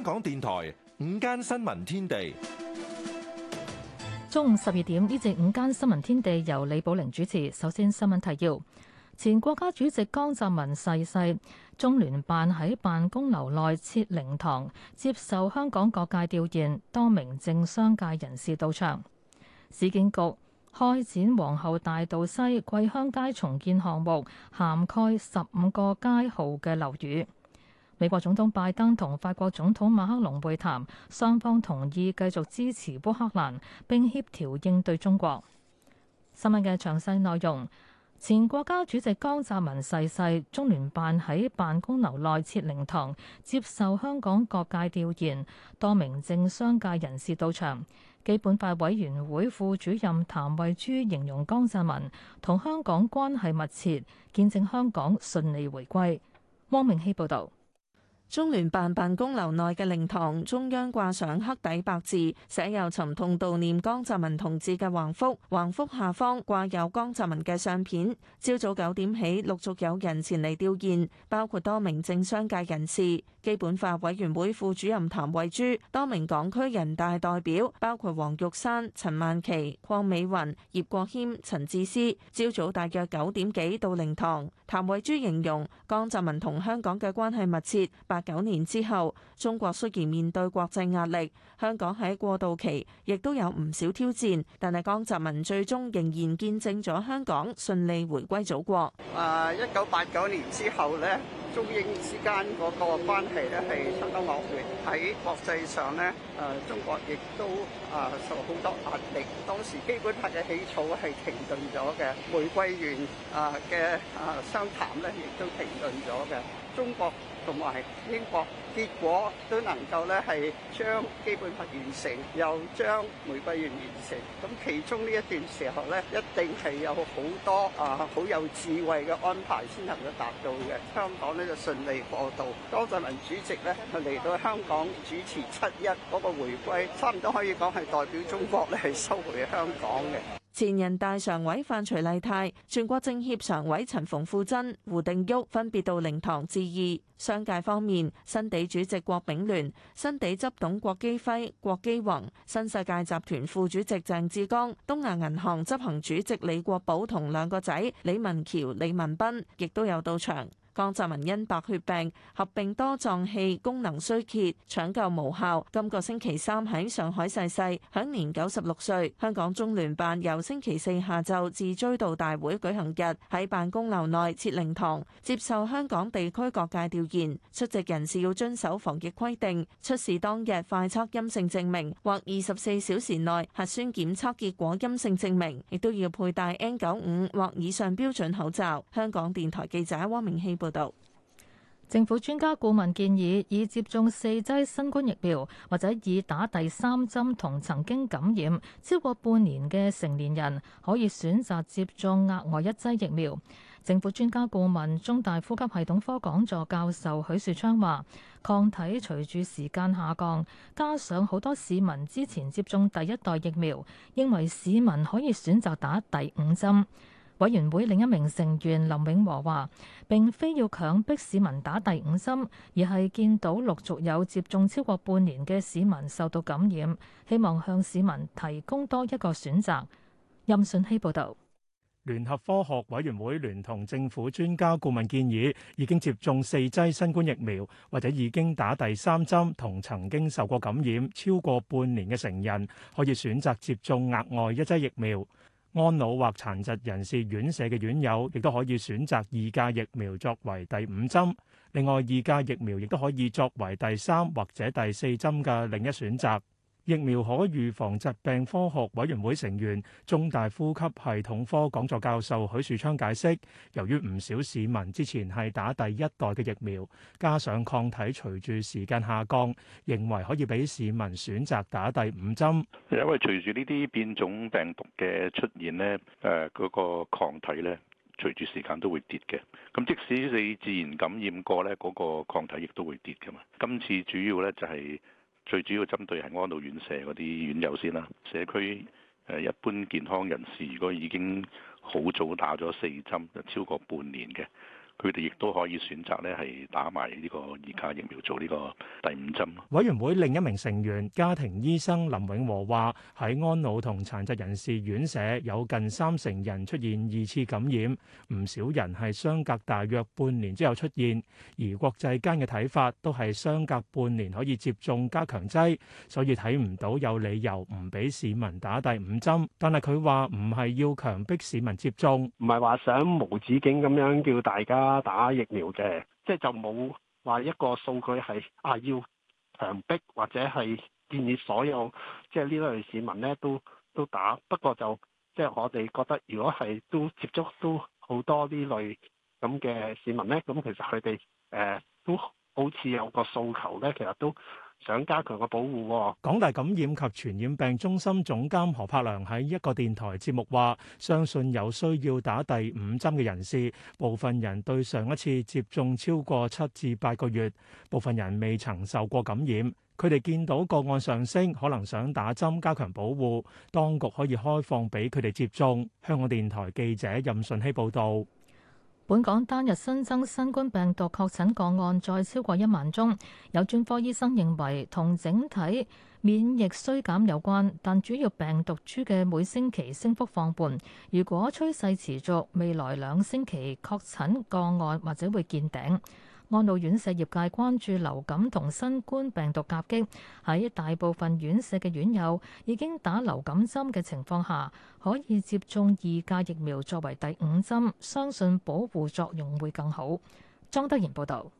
香港電台午間新聞天地，中午十二點，呢節午間新聞天地由李寶玲主持。首先新聞提要：前國家主席江澤民逝世，世，中聯辦喺辦公樓內設靈堂，接受香港各界弔唁。多名政商界人士到場。市建局開展皇后大道西桂香街重建項目，涵蓋十五個街號嘅樓宇。美國總統拜登同法國總統馬克龍會談，雙方同意繼續支持烏克蘭，並協調應對中國。新聞嘅詳細內容，前國家主席江澤民逝世，世，中聯辦喺辦公樓內設靈堂，接受香港各界弔唁，多名政商界人士到場。基本法委員會副主任譚慧珠形容江澤民同香港關係密切，見證香港順利回歸。汪明希報道。中聯辦辦公樓內嘅靈堂中央掛上黑底白字，寫有沉痛悼念江澤民同志嘅橫幅，橫幅下方掛有江澤民嘅相片。朝早九點起，陸續有人前嚟吊唁，包括多名政商界人士。基本法委員會副主任譚惠珠，多名港區人大代表，包括黃玉山、陳曼琪、鄺美雲、葉國謙、陳智思，朝早大約九點幾到靈堂。譚惠珠形容江澤民同香港嘅關係密切，八九年之後，中國雖然面對國際壓力，香港喺過渡期亦都有唔少挑戰，但係江澤民最終仍然見證咗香港順利回歸祖國。誒，一九八九年之後咧。中英之間嗰個關係咧係相當惡劣，喺國際上咧，誒，中國亦都誒受好多壓力。當時基本法嘅起草係停頓咗嘅，玫瑰園啊嘅啊商談咧亦都停頓咗嘅。中國。同埋英國，結果都能夠咧係將基本法完成，又將玫瑰園完成。咁其中呢一段時候咧，一定係有好多啊，好有智慧嘅安排先能夠達到嘅。香港咧就順利過渡。江澤民主席咧嚟到香港主持七一嗰、那個回歸，差唔多可以講係代表中國咧係收回香港嘅。前人大常委范徐麗泰、全國政協常委陳馮富珍、胡定旭分別到靈堂致意。商界方面，新地主席郭炳聯、新地執董郭基輝、郭基宏、新世界集團副主席鄭志剛、東亞銀行執行主席李國寶同兩個仔李文橋、李文斌，亦都有到場。江澤民因白血病合併多臟器功能衰竭搶救無效，今個星期三喺上海逝世，享年九十六歲。香港中聯辦由星期四下晝至追悼大會舉行日，喺辦公樓內設靈堂接受香港地區各界吊唁。出席人士要遵守防疫規定，出示當日快測陰性證明或二十四小時內核酸檢測結果陰性證明，亦都要佩戴 N 九五或以上標準口罩。香港電台記者汪明希。報道，政府專家顧問建議，已接種四劑新冠疫苗或者已打第三針同曾經感染超過半年嘅成年人，可以選擇接種額外一劑疫苗。政府專家顧問、中大呼吸系統科講座教授許樹昌話，抗體隨住時間下降，加上好多市民之前接種第一代疫苗，認為市民可以選擇打第五針。委員會另一名成員，安老或殘疾人士院舍嘅院友，亦都可以選擇二價疫苗作為第五針。另外，二價疫苗亦都可以作為第三或者第四針嘅另一選擇。疫苗可預防疾病科學委員會成員、中大呼吸系統科講座教授許樹昌解釋，由於唔少市民之前係打第一代嘅疫苗，加上抗體隨住時間下降，認為可以俾市民選擇打第五針。因為隨住呢啲變種病毒嘅出現呢，誒，嗰個抗體咧，隨住時間都會跌嘅。咁即使你自然感染過咧，嗰個抗體亦都會跌噶嘛。今次主要咧就係。最主要針對係安老院舍嗰啲院友先啦，社區誒一般健康人士，如果已經好早打咗四針，就超過半年嘅。佢哋亦都可以選擇咧，係打埋呢個二價疫苗做呢個第五針。委員會另一名成員家庭醫生林永和話，喺安老同殘疾人士院舍，有近三成人出現二次感染，唔少人係相隔大約半年之後出現，而國際間嘅睇法都係相隔半年可以接種加強劑，所以睇唔到有理由唔俾市民打第五針，但係佢話唔係要強迫市民接種，唔係話想無止境咁樣叫大家。打疫苗嘅，即係就冇話一個數據係啊，要強逼或者係建議所有即係呢類市民咧都都打。不過就即係我哋覺得，如果係都接觸，呃、都好多呢類咁嘅市民咧，咁其實佢哋誒都好似有個訴求咧，其實都。想加強個保護。港大感染及傳染病中心總監何柏良喺一個電台節目話，相信有需要打第五針嘅人士，部分人對上一次接種超過七至八個月，部分人未曾受過感染。佢哋見到個案上升，可能想打針加強保護。當局可以開放俾佢哋接種。香港電台記者任順希報導。本港單日新增新冠病毒確診個案再超過一萬宗，有專科醫生認為同整體免疫衰減有關，但主要病毒株嘅每星期升幅放緩，如果趨勢持續，未來兩星期確診個案或者會見頂。安老院舍業界關注流感同新冠病毒夾擊，喺大部分院舍嘅院友已經打流感針嘅情況下，可以接種二價疫苗作為第五針，相信保護作用會更好。莊德賢報道。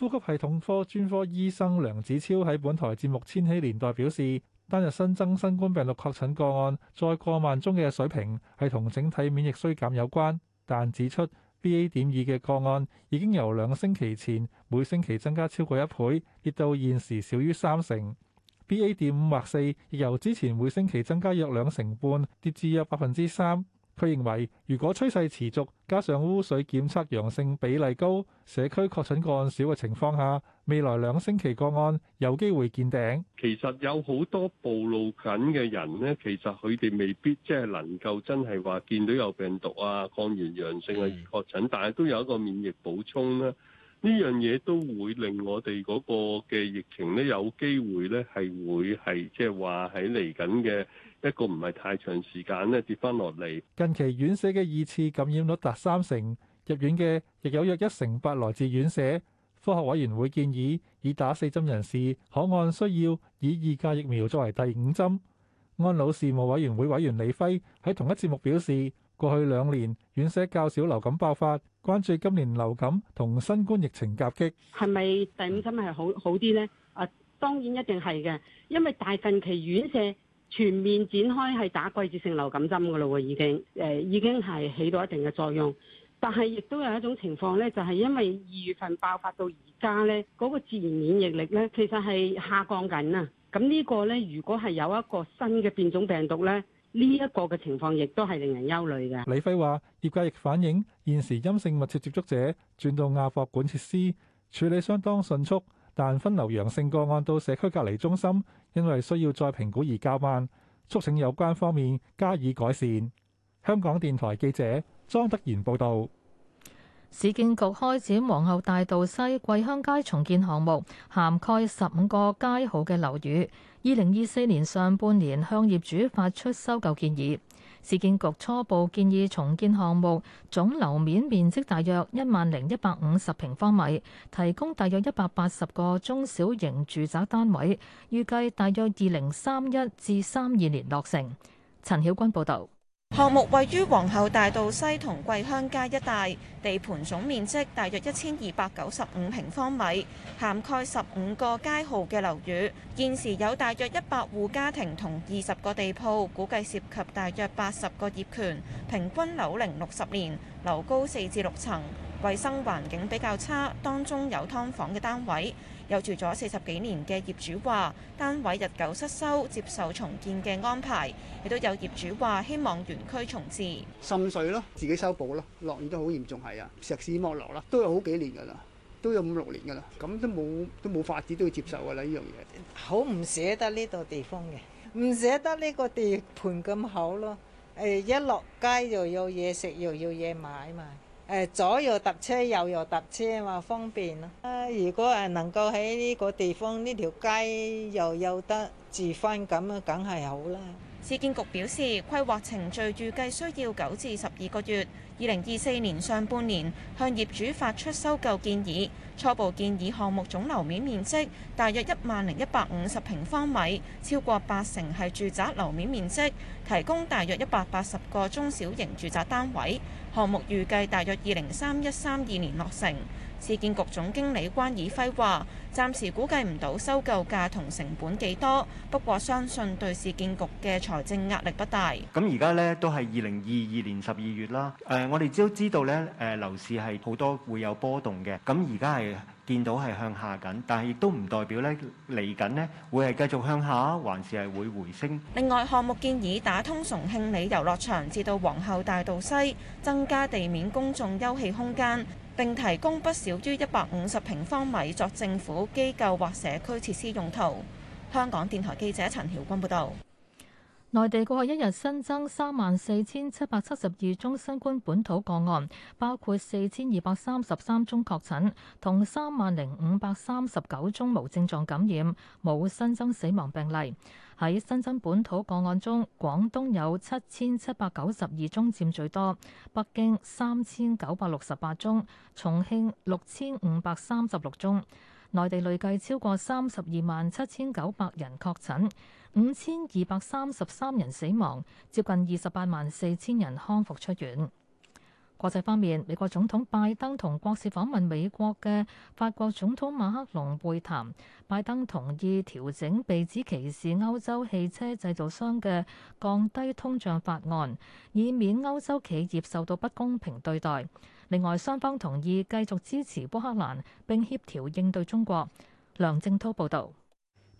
呼吸系統科專科醫生梁子超喺本台節目《千禧年代》表示，單日新增新冠病毒確診個案再過萬宗嘅水平，係同整體免疫衰減有關，但指出。B A 點二嘅個案已經由兩星期前每星期增加超過一倍，跌到現時少於三成。B A 點五或四亦由之前每星期增加約兩成半，跌至約百分之三。佢認為，如果趨勢持續，加上污水檢測陽性比例高、社區確診個案少嘅情況下，未來兩星期個案有機會見頂。其實有好多暴露緊嘅人呢，其實佢哋未必即係能夠真係話見到有病毒啊、抗原陽性啊而確診，但係都有一個免疫補充啦。呢樣嘢都會令我哋嗰個嘅疫情呢，有機會呢係會係即係話喺嚟緊嘅。一個唔係太長時間咧，跌翻落嚟。近期院舍嘅二次感染率達三成，入院嘅亦有約一成八來自院舍。科學委員會建議，已打四針人士可按需要以二價疫苗作為第五針。安老事務委員會委員李輝喺同一節目表示，過去兩年院舍較少流感爆發，關注今年流感同新冠疫情夾擊。係咪第五針係好好啲呢？啊，當然一定係嘅，因為大近期院舍。全面展開係打季節性流感針噶咯，已經誒、呃、已經係起到一定嘅作用，但係亦都有一種情況咧，就係、是、因為二月份爆發到而家咧，嗰、那個自然免疫力咧，其實，係下降緊啊。咁呢個咧，如果係有一個新嘅變種病毒咧，呢、這、一個嘅情況亦都係令人憂慮嘅。李輝話業界亦反映現時陰性密切接觸者轉到亞博館設施處理相當迅速，但分流陽性個案到社區隔離中心因為需要再評估而較慢，促請有關方面加以改善。香港電台記者莊德賢報道。市建局開展皇后大道西桂香街重建項目，涵蓋十五個街號嘅樓宇。二零二四年上半年向業主發出收購建議。市建局初步建議重建項目總樓面面積大約一萬零一百五十平方米，提供大約一百八十個中小型住宅單位，預計大約二零三一至三二年落成。陳曉君報道。項目位於皇后大道西同桂香街一帶，地盤總面積大約一千二百九十五平方米，涵蓋十五個街號嘅樓宇。現時有大約一百戶家庭同二十個地鋪，估計涉及大約八十個業權，平均樓齡六十年，樓高四至六層，衛生環境比較差，當中有劏房嘅單位。有住咗四十幾年嘅業主話，單位日久失修，接受重建嘅安排。亦都有業主話，希望原區重置，滲水咯，自己修補咯。落雨都好嚴重，係啊，石屎剝落啦，都有好幾年㗎啦，都有五六年㗎啦，咁都冇都冇法子，都要接受㗎啦，呢樣嘢。好唔捨得呢度地方嘅，唔捨得呢個地盤咁好咯。誒，一落街又有嘢食，又有嘢買嘛。誒，左右搭車，右又搭車，話方便啊！如果誒，能夠喺呢個地方呢條街又有得住翻，咁啊梗係好啦。市建局表示，規劃程序預計需要九至十二個月。二零二四年上半年向業主發出收購建議，初步建議項目總樓面面積大約一萬零一百五十平方米，超過八成係住宅樓面面積，提供大約一百八十個中小型住宅單位。項目預計大約二零三一三二年落成。市建局總經理關以輝話：暫時估計唔到收購價同成本幾多，不過相信對市建局嘅財政壓力不大。咁而家呢，都係二零二二年十二月啦。誒，我哋都知道呢，誒樓市係好多會有波動嘅。咁而家係見到係向下緊，但係亦都唔代表呢嚟緊呢會係繼續向下，還是係會回升。另外項目建議打通崇慶里遊樂場至到皇后大道西，增加地面公眾休憩空間。並提供不少於一百五十平方米作政府機構或社區設施用途。香港電台記者陳曉君報道。內地過去一日新增三萬四千七百七十二宗新冠本土個案，包括四千二百三十三宗確診，同三萬零五百三十九宗無症狀感染，冇新增死亡病例。喺新增本土個案中，廣東有七千七百九十二宗佔最多，北京三千九百六十八宗，重慶六千五百三十六宗。內地累計超過三十二萬七千九百人確診。五千二百三十三人死亡，接近二十八萬四千人康復出院。國際方面，美國總統拜登同國事訪問美國嘅法國總統馬克龍會談，拜登同意調整被指歧視歐洲汽車製造商嘅降低通脹法案，以免歐洲企業受到不公平對待。另外，雙方同意繼續支持烏克蘭，並協調應對中國。梁正濤報道。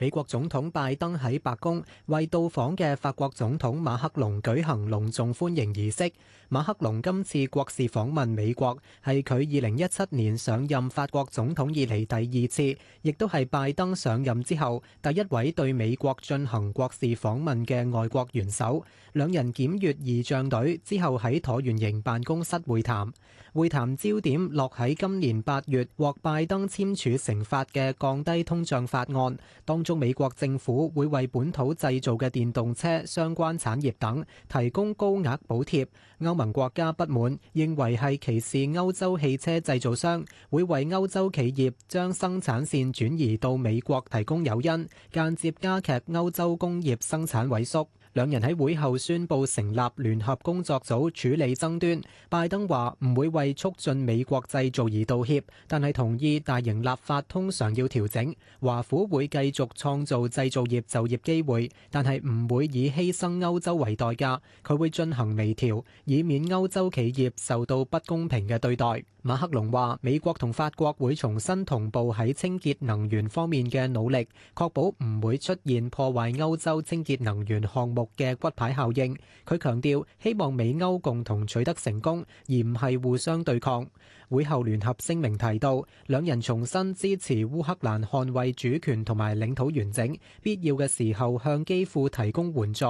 美國總統拜登喺白宮為到訪嘅法國總統馬克龍舉行隆重歡迎儀式。馬克龍今次國事訪問美國係佢二零一七年上任法國總統以嚟第二次，亦都係拜登上任之後第一位對美國進行國事訪問嘅外國元首。兩人檢閱儀仗隊之後喺橢圓形辦公室會談，會談焦點落喺今年八月獲拜登簽署成法嘅降低通脹法案當中。中美國政府會為本土製造嘅電動車相關產業等提供高額補貼，歐盟國家不滿，認為係歧視歐洲汽車製造商，會為歐洲企業將生產線轉移到美國提供誘因，間接加劇歐洲工業生產萎縮。兩人喺會後宣布成立聯合工作組處理爭端。拜登話唔會為促進美國製造而道歉，但係同意大型立法通常要調整。華府會繼續創造製造業就業機會，但係唔會以犧牲歐洲為代價，佢會進行微調，以免歐洲企業受到不公平嘅對待。馬克龍話：美國同法國會重新同步喺清潔能源方面嘅努力，確保唔會出現破壞歐洲清潔能源項目嘅骨牌效應。佢強調希望美歐共同取得成功，而唔係互相對抗。會後聯合聲明提到，兩人重申支持烏克蘭捍衛主權同埋領土完整，必要嘅時候向基輔提供援助。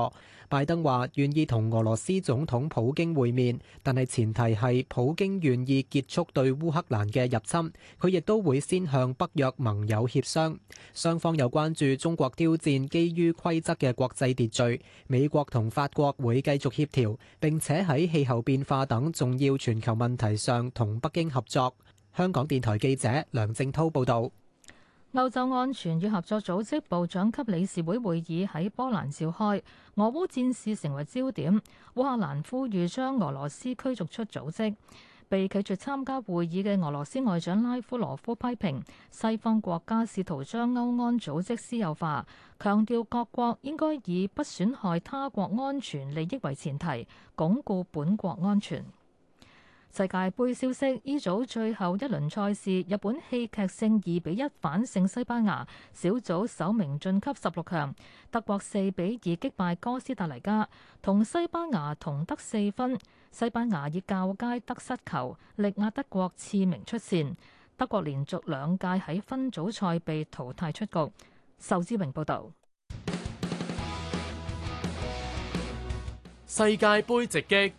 拜登話願意同俄羅斯總統普京會面，但係前提係普京願意結束對烏克蘭嘅入侵。佢亦都會先向北約盟友協商。雙方又關注中國挑戰基於規則嘅國際秩序。美國同法國會繼續協調，並且喺氣候變化等重要全球問題上同北京合作。香港電台記者梁正濤報道，歐洲安全與合作組織部長級理事會會議喺波蘭召開，俄烏戰事成為焦點。烏克蘭呼籲將俄羅斯驅逐出組織。被拒絕參加會議嘅俄羅斯外長拉夫羅夫批評西方國家試圖將歐安組織私有化，強調各國應該以不損害他國安全利益為前提，鞏固本國安全。世界盃消息：E 組最後一輪賽事，日本戲劇性二比一反勝西班牙，小組首名晉級十六強。德國四比二擊敗哥斯達黎加，同西班牙同得四分。西班牙以較佳得失球，力壓德國次名出線。德國連續兩屆喺分組賽被淘汰出局。壽之榮報道。世界盃直擊。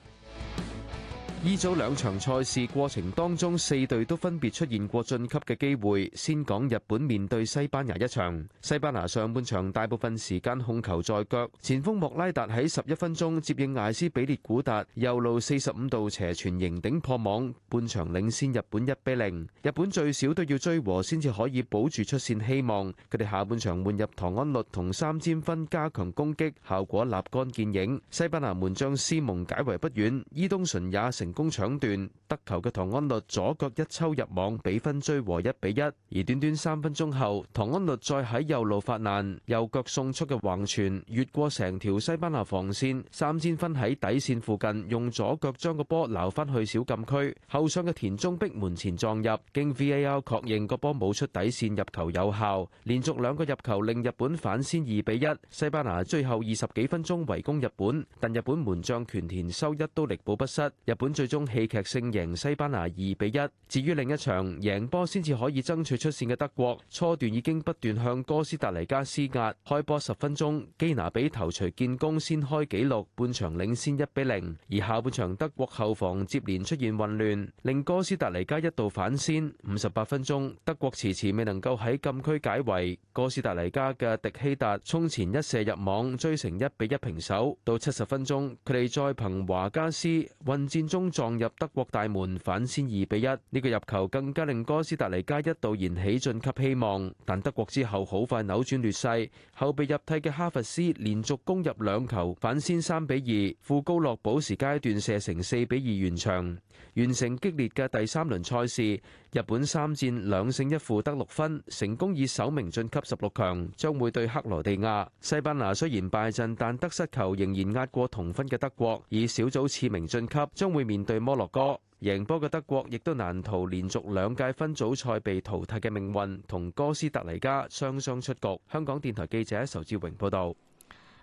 依組，兩場賽事過程當中，四隊都分別出現過進級嘅機會。先講日本面對西班牙一場，西班牙上半場大部分時間控球在腳，前鋒莫拉達喺十一分鐘接應艾斯比列古達右路四十五度斜傳，迎頂破網，半場領先日本一比零。日本最少都要追和先至可以保住出線希望，佢哋下半場換入唐安律同三間分加強攻擊，效果立竿見影。西班牙門將司蒙解圍不遠，伊東純也 HD 成功搶斷得球嘅堂安律左腳一抽入網，比分追和一比一。而短短三分鐘後，堂安律再喺右路發難，右腳送出嘅橫傳越過成條西班牙防線，三笘薰喺底線附近，用左腳將個波撈返去小禁區。後上嘅田中碧門前撞入，經 VAR 確認個波冇出底線入球有效，連續兩個入球令日本反先二比一。西班牙最後二十幾分鐘圍攻日本，但日本門將權田修一都力保不失。日本最終戲劇性贏西班牙二比一。至於另一場贏波先至可以爭取出線嘅德國，初段已經不斷向哥斯達黎加施壓。開波十分鐘，基拿比頭錘建功先開紀錄，半場領先一比零。而下半場德國後防接連出現混亂，令哥斯達黎加一度反先。五十八分鐘，德國遲遲未能夠喺禁區解圍，哥斯達黎加嘅迪希達衝前一射入網，追成一比一平手。到七十分鐘，佢哋再憑華加斯混戰中。撞入德國大門反先二比一，呢個入球更加令哥斯達黎加一度燃起晉級希望，但德國之後好快扭轉劣勢，後被入替嘅哈弗斯連續攻入兩球反先三比二，富高樂補時階段射成四比二完場，完成激烈嘅第三輪賽事。日本三戰兩勝一負得六分，成功以首名晉級十六強，將會對克羅地亞。西班牙雖然敗陣，但得失球仍然壓過同分嘅德國，以小組次名晉級，將會面對摩洛哥。贏波嘅德國亦都難逃連續兩屆分組賽被淘汰嘅命運，同哥斯達黎加雙雙出局。香港電台記者仇志榮報道。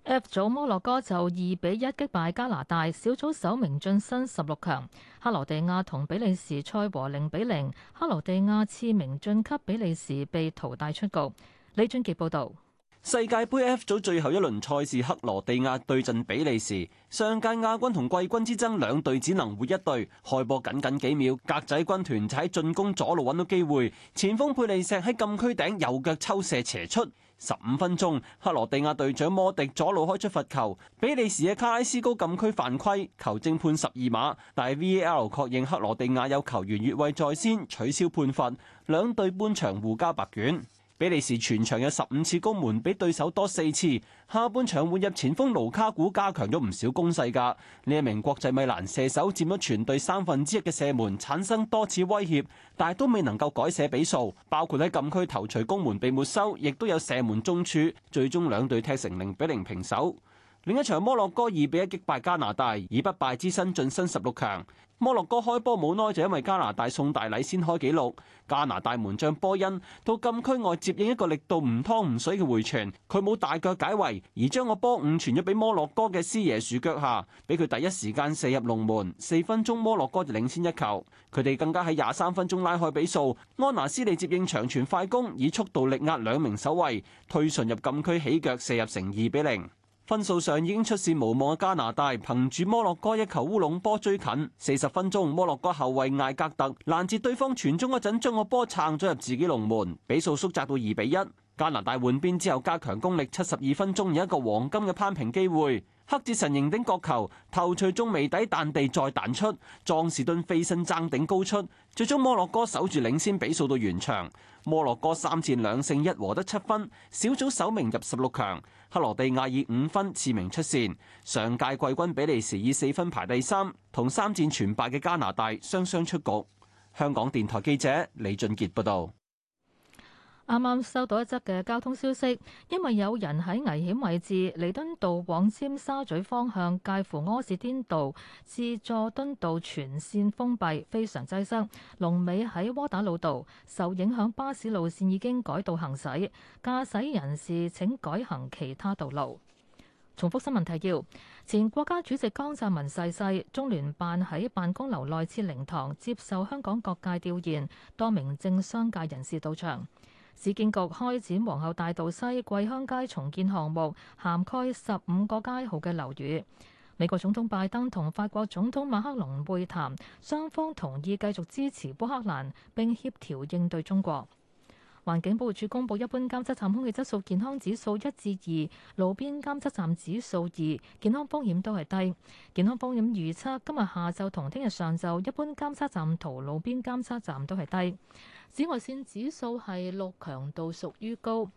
F 組摩洛哥就二比一擊敗加拿大，小組首名晉身十六強。克羅地亞同比利時賽和零比零，克羅地亞次名晉級，比利時被淘汰出局。李俊杰報道：世界杯 F 組最後一輪賽事，克羅地亞對陣比利時，上屆亞軍同季軍之爭，兩隊只能活一隊。開波僅僅幾秒，格仔軍團喺進攻左路搵到機會，前鋒佩利石喺禁區頂右腳抽射斜出。十五分鐘，克羅地亞隊長摩迪左路開出罰球，比利時嘅卡拉斯高禁區犯規，球證判十二碼，但係 V A L 確認克羅地亞有球員越位在先，取消判罰，兩隊半場互交白卷。比利時全場有十五次攻門，比對手多四次。下半場換入前鋒盧卡古加強咗唔少攻勢噶。呢一名國際米蘭射手佔咗全隊三分之一嘅射門，產生多次威脅，但係都未能夠改寫比數。包括喺禁區頭錘攻門被沒收，亦都有射門中柱。最終兩隊踢成零比零平手。另一場摩洛哥二比一擊敗加拿大，以不敗之身晉身十六強。摩洛哥開波冇耐就因為加拿大送大禮先開紀錄，加拿大門將波恩到禁區外接應一個力度唔湯唔水嘅回傳，佢冇大腳解圍，而將個波誤傳咗俾摩洛哥嘅師爺樹腳下，俾佢第一時間射入龍門，四分鐘摩洛哥就領先一球。佢哋更加喺廿三分鐘拉開比數，安娜斯利接應長傳快攻，以速度力壓兩名守衛，退順入禁區起腳射入成二比零。分數上已經出線無望嘅加拿大，憑住摩洛哥一球烏龍波追近。四十分鐘，摩洛哥後衛艾格特攔截對方傳中嗰陣，將個波撐咗入自己龍門，比數縮窄到二比一。加拿大換邊之後加強攻力，七十二分鐘有一個黃金嘅扳平機會。黑捷神迎頂角球，頭槌中楣底，彈地再彈出。莊士頓飛身爭頂高出，最終摩洛哥守住領先比數到完場。摩洛哥三戰兩勝一和得七分，小組首名入十六強。克羅地亞以五分次名出線。上屆季軍比利時以四分排第三，同三戰全敗嘅加拿大雙雙出局。香港電台記者李俊傑報道。啱啱收到一則嘅交通消息，因為有人喺危險位置，彌敦道往尖沙咀方向介乎柯士甸道至佐敦道全綫封閉，非常擠塞。龍尾喺窩打老道，受影響巴士路綫已經改道行駛，駕駛人士請改行其他道路。重複新聞提要：前國家主席江澤民逝世，中聯辦喺辦公樓內設靈堂，接受香港各界弔唁，多名政商界人士到場。市建局開展皇后大道西桂香街重建項目，涵蓋十五個街號嘅樓宇。美國總統拜登同法國總統馬克龍會談，雙方同意繼續支持烏克蘭並協調應對中國。環境保護署公佈，一般監測站空氣質素健康指數一至二，路邊監測站指數二，健康風險都係低。健康風險預測，今日下晝同聽日上晝一般監測站同路邊監測站都係低。紫外線指數係六強度，屬於高。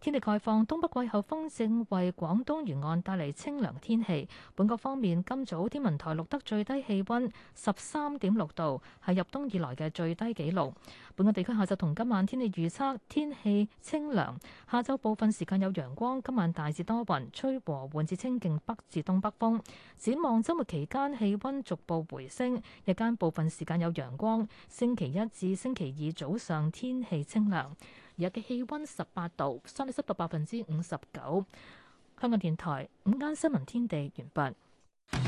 天氣概況，東北季候風正為廣東沿岸帶嚟清涼天氣。本港方面，今早天文台錄得最低氣温十三點六度，係入冬以來嘅最低紀錄。本港地區下晝同今晚天氣預測，天氣清涼，下晝部分時間有陽光，今晚大致多雲，吹和緩至清勁北至東北風。展望週末期間氣温逐步回升，日間部分時間有陽光。星期一至星期二早上天氣清涼。日嘅氣溫十八度，相對濕度百分之五十九。香港電台午間新聞天地完畢。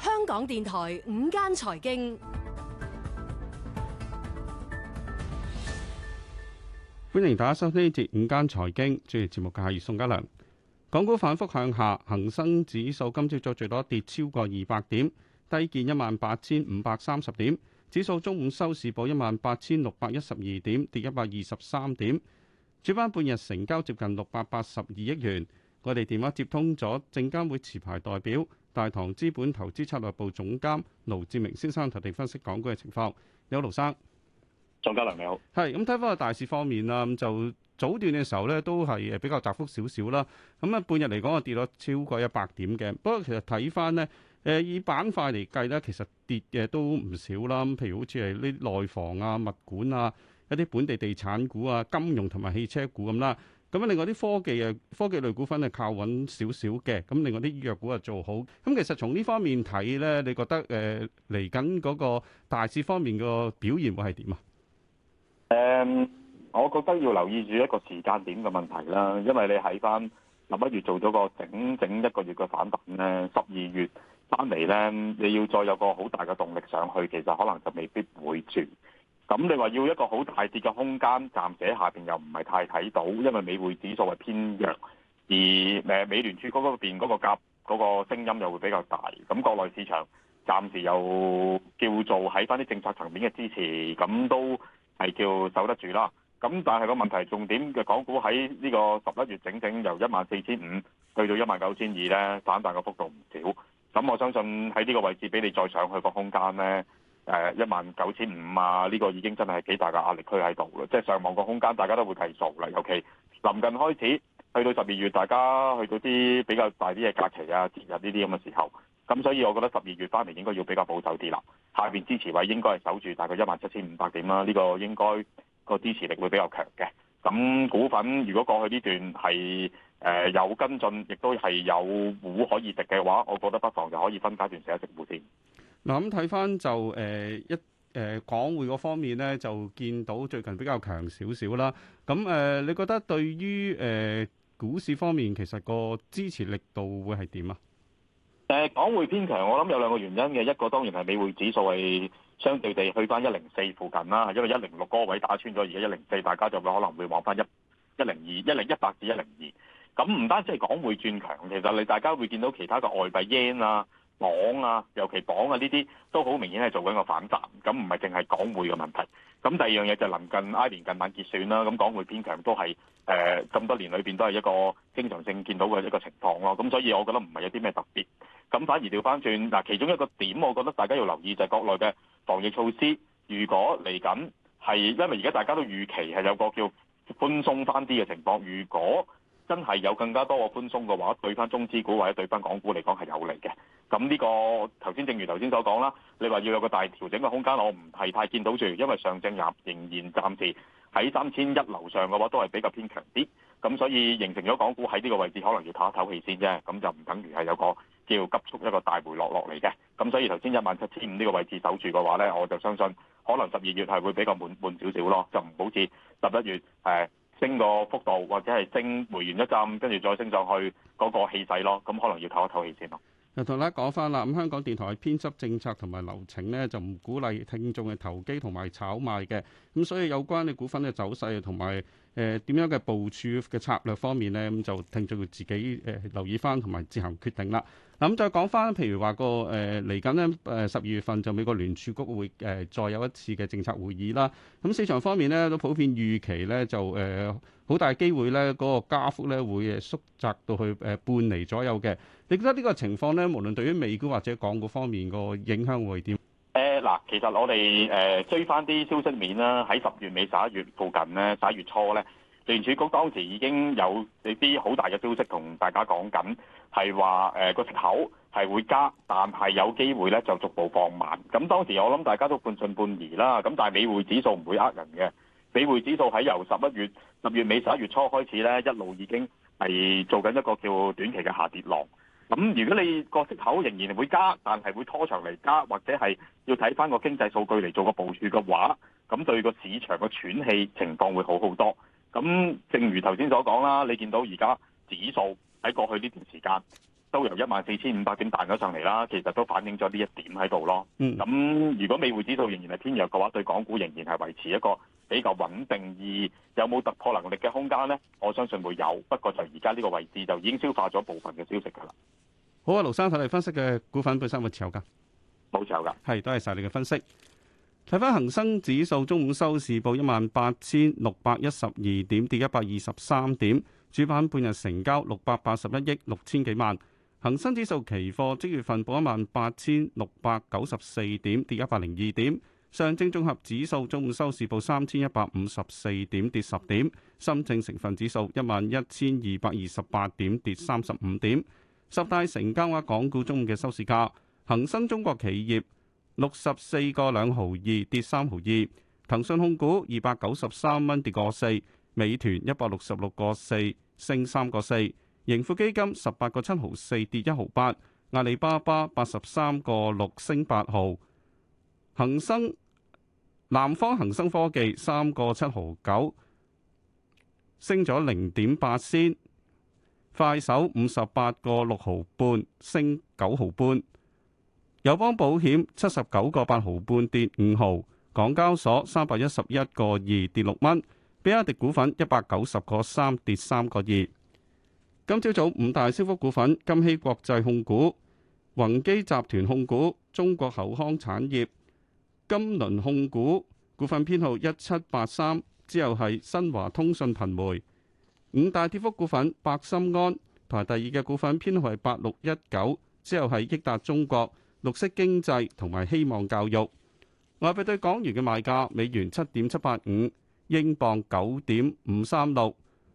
香港電台午間財經，歡迎大家收聽呢節午間財經。主持節目嘅係宋家良。港股反復向下，恒生指數今朝早最多跌超過二百點，低見一萬八千五百三十點。指數中午收市報一萬八千六百一十二點，跌一百二十三點。主板半日成交接近六百八十二億元。我哋電話接通咗證監會持牌代表大堂資本投資策略部總監盧志明先生，同我哋分析港股嘅情況。有盧生，莊家良，你好。係咁睇翻個大市方面啊，咁就早段嘅時候咧，都係誒比較窄幅少少啦。咁啊，半日嚟講啊，跌咗超過一百點嘅。不過其實睇翻咧。誒以板塊嚟計咧，其實跌嘅都唔少啦。譬如好似係呢啲內房啊、物管啊、一啲本地地產股啊、金融同埋汽車股咁啦。咁另外啲科技嘅科技類股份係靠穩少少嘅。咁另外啲醫藥股啊做好。咁其實從呢方面睇咧，你覺得誒嚟緊嗰個大市方面嘅表現會係點啊？誒、嗯，我覺得要留意住一個時間點嘅問題啦。因為你喺翻十一月做咗個整整一個月嘅反彈咧，十二月。翻嚟咧，你要再有個好大嘅動力上去，其實可能就未必會轉。咁你話要一個好大跌嘅空間，暫時喺下邊又唔係太睇到，因為美匯指數係偏弱，而誒美聯儲嗰嗰邊嗰個夾嗰、嗰個聲音又會比較大。咁國內市場暫時又叫做喺翻啲政策層面嘅支持，咁都係叫守得住啦。咁但係個問題重點嘅港股喺呢個十一月整整由一萬四千五去到一萬九千二咧，反彈嘅幅度唔少。咁我相信喺呢個位置俾你再上去個空間呢，誒一萬九千五啊！呢個已經真係幾大嘅壓力區喺度啦，即係上望個空間大家都會計數啦。尤其臨近開始去到十二月，大家去到啲比較大啲嘅假期啊、節日呢啲咁嘅時候，咁所以我覺得十二月翻嚟應該要比較保守啲啦。下邊支持位應該係守住大概一萬七千五百點啦，呢個應該個支持力會比較強嘅。咁股份如果過去呢段係，誒、呃，有跟進，亦都係有股可以食嘅話，我覺得不妨就可以分階段食一食先。股添。嗱、嗯，咁睇翻就，誒、呃、一，誒、呃、港匯個方面咧，就見到最近比較強少少啦。咁，誒、呃，你覺得對於誒、呃、股市方面，其實個支持力度會係點啊？誒、呃，港匯偏強，我諗有兩個原因嘅，一個當然係美匯指數係相對地去翻一零四附近啦，因為一零六個位打穿咗，而家一零四，大家就會可能會往翻一，一零二、一零一、百至一零二。咁唔單止係港匯轉強，其實你大家會見到其他嘅外幣 yen 啊、鎊啊，尤其鎊啊呢啲都好明顯係做緊個反彈。咁唔係淨係港匯嘅問題。咁第二樣嘢就臨近 I 年近晚結算啦。咁港匯偏強都係誒咁多年裏邊都係一個經常性見到嘅一個情況咯。咁所以我覺得唔係有啲咩特別。咁反而調翻轉嗱，其中一個點，我覺得大家要留意就係國內嘅防疫措施。如果嚟緊係因為而家大家都預期係有個叫寬鬆翻啲嘅情況，如果真係有更加多個寬鬆嘅話，對翻中資股或者對翻港股嚟講係有利嘅。咁呢個頭先正如頭先所講啦，你話要有個大調整嘅空間，我唔係太見到住，因為上證額仍然暫時喺三千一樓上嘅話，都係比較偏強啲。咁所以形成咗港股喺呢個位置可能要唞一唞氣先啫。咁就唔等於係有個叫急速一個大回落落嚟嘅。咁所以頭先一萬七千五呢個位置守住嘅話呢，我就相信可能十二月係會比較悶悶少少咯，就唔好似十一月誒。呃升個幅度，或者係升回完一陣，跟住再升上去嗰個氣勢咯，咁可能要唞一唞氣先咯。同大家講翻啦，咁香港電台嘅編輯政策同埋流程咧，就唔鼓勵聽眾嘅投機同埋炒賣嘅。咁所以有關你股份嘅走勢同埋誒點樣嘅部署嘅策略方面咧，咁就聽眾要自己誒、呃、留意翻同埋自行決定啦。嗱咁再講翻，譬如話個誒嚟緊咧誒十二月份就美國聯儲局會誒再有一次嘅政策會議啦。咁市場方面咧都普遍預期咧就誒好、呃、大機會咧嗰、嗰個加幅咧會縮窄到去誒、呃、半厘左右嘅。你覺得呢個情況咧，無論對於美股或者港股方面個影響會點？誒嗱、呃，其實我哋誒、呃、追翻啲消息面啦，喺十月尾十一月附近咧，十一月初咧，聯儲局當時已經有啲好大嘅消息同大家講緊，係話誒個口係會加，但係有機會咧就逐步放慢。咁當時我諗大家都半信半疑啦。咁但係美匯指數唔會呃人嘅，美匯指數喺由十一月十月尾十一月初開始咧，一路已經係做緊一個叫短期嘅下跌浪。咁如果你個息口仍然會加，但係會拖長嚟加，或者係要睇返個經濟數據嚟做個部署嘅話，咁對個市場嘅喘氣情況會好好多。咁正如頭先所講啦，你見到而家指數喺過去呢段時間。都由一萬四千五百點彈咗上嚟啦，其實都反映咗呢一點喺度咯。咁、嗯、如果美匯指數仍然係偏弱嘅話，對港股仍然係維持一個比較穩定，而有冇突破能力嘅空間呢？我相信會有，不過就而家呢個位置就已經消化咗部分嘅消息㗎啦。好啊，盧生睇你分析嘅股份本身有冇持有噶？冇持有㗎。係，多謝晒你嘅分析。睇翻恒生指數中午收市報一萬八千六百一十二點，跌一百二十三點。主板半日成交六百八十一億六千幾萬。恒生指數期貨即月份報一萬八千六百九十四點，跌一百零二點。上證綜合指數中午收市報三千一百五十四點，跌十點。深證成分指數一萬一千二百二十八點，跌三十五點。十大成交額港股中午嘅收市價：恒生中國企業六十四個兩毫二，跌三毫二；騰訊控股二百九十三蚊，跌個四；美團一百六十六個四，升三個四。盈富基金十八個七毫四跌一毫八，阿里巴巴八十三個六升八毫，恒生南方恒生科技三個七毫九升咗零點八先，快手五十八個六毫半升九毫半，友邦保險七十九個八毫半跌五毫，港交所三百一十一個二跌六蚊，比亞迪股份一百九十個三跌三個二。今朝早,早五大升幅股份：金禧國際控股、宏基集團控股、中國口腔產業、金輪控股，股份編號一七八三。之後，係新華通訊頻媒。五大跌幅股份：百心安排第二嘅股份編號係八六一九。之後，係益達中國綠色經濟同埋希望教育。外幣對港元嘅賣價：美元七點七八五，英鎊九點五三六。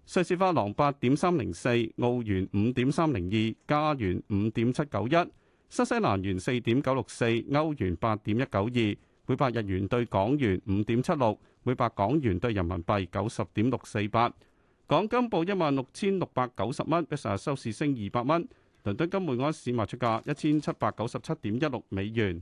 瑞士法郎八點三零四，澳元五點三零二，加元五點七九一，新西蘭元四點九六四，歐元八點一九二，每百日元兌港元五點七六，每百港元兌人民幣九十點六四八。港金報一萬六千六百九十蚊，比上日收市升二百蚊。倫敦金每盎司賣出價一千七百九十七點一六美元。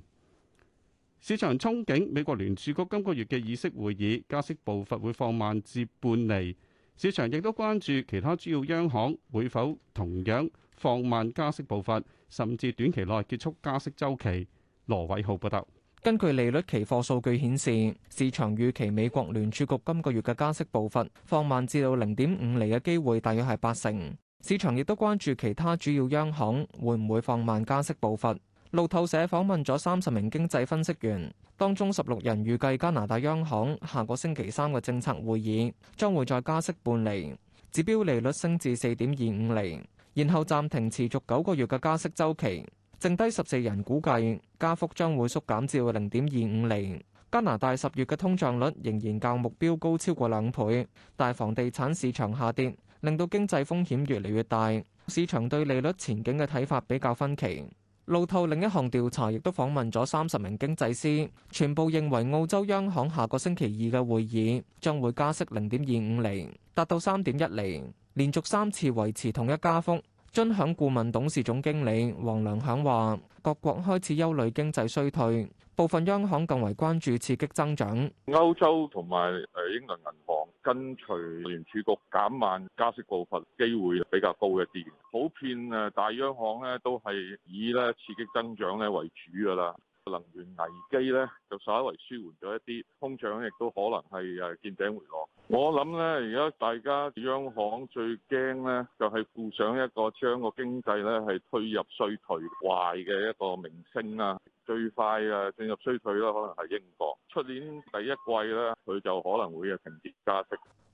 市場憧憬美國聯儲局今個月嘅議息會議加息步伐會放慢至半厘。市場亦都關注其他主要央行會否同樣放慢加息步伐，甚至短期內結束加息周期。羅偉浩報道，根據利率期貨數據顯示，市場預期美國聯儲局今個月嘅加息步伐放慢至到零點五厘嘅機會大約係八成。市場亦都關注其他主要央行會唔會放慢加息步伐。路透社訪問咗三十名經濟分析員。當中十六人預計加拿大央行下個星期三嘅政策會議將會再加息半釐，指標利率升至四點二五釐，然後暫停持續九個月嘅加息週期。剩低十四人估計加幅將會縮減至零點二五釐。加拿大十月嘅通脹率仍然較目標高超過兩倍，但房地產市場下跌令到經濟風險越嚟越大，市場對利率前景嘅睇法比較分歧。路透另一項調查亦都訪問咗三十名經濟師，全部認為澳洲央行下個星期二嘅會議將會加息零點二五厘，達到三點一厘，連續三次維持同一加幅。尊享顧問董事總經理黃良響話，各國開始憂慮經濟衰退。部分央行更為關注刺激增長。歐洲同埋誒英倫銀行跟隨聯儲局減慢加息步伐，機會比較高一啲。普遍誒大央行咧都係以咧刺激增長咧為主㗎喇。能源危機咧就稍為舒緩咗一啲，通脹亦都可能係誒見頂回落。我諗咧，而家大家央行最驚咧，就係、是、附上一個將個經濟咧係推入衰退壞嘅一個名聲啊！最快啊進入衰退啦，可能係英國。出年第一季咧，佢就可能會啊頻跌加息。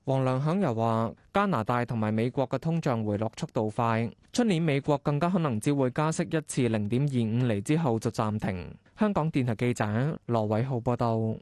王良享又話：加拿大同埋美國嘅通脹回落速度快，出年美國更加可能只會加息一次零點二五厘之後就暫停。香港電台記者羅偉浩報道。